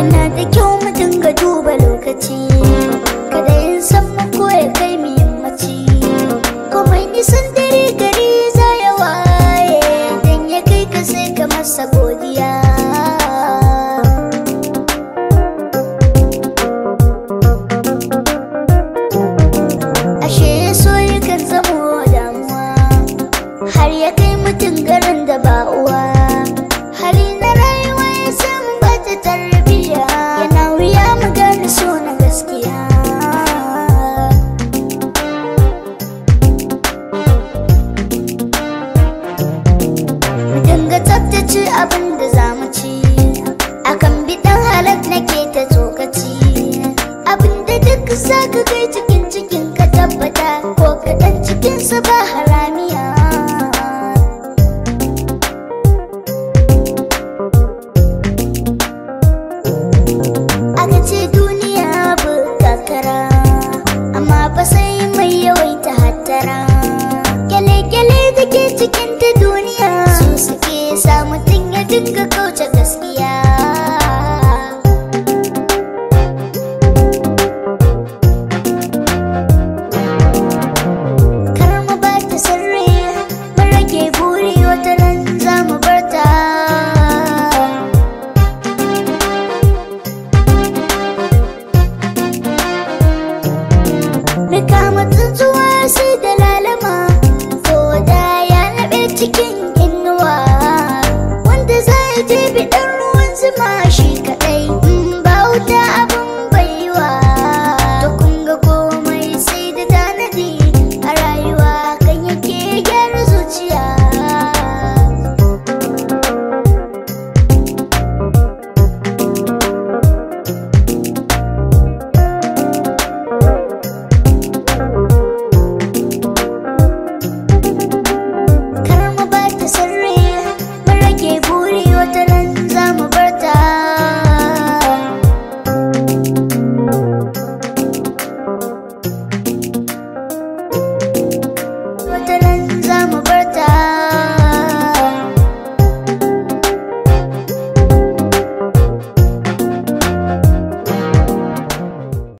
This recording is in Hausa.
yana da kyau mu dinga duba lokaci ci abin da za mu ci akan bidan halak nake ta tsokaci abin da duk za ka kai cikin cikin ka tabbata ko kaɗan cikinsa ba har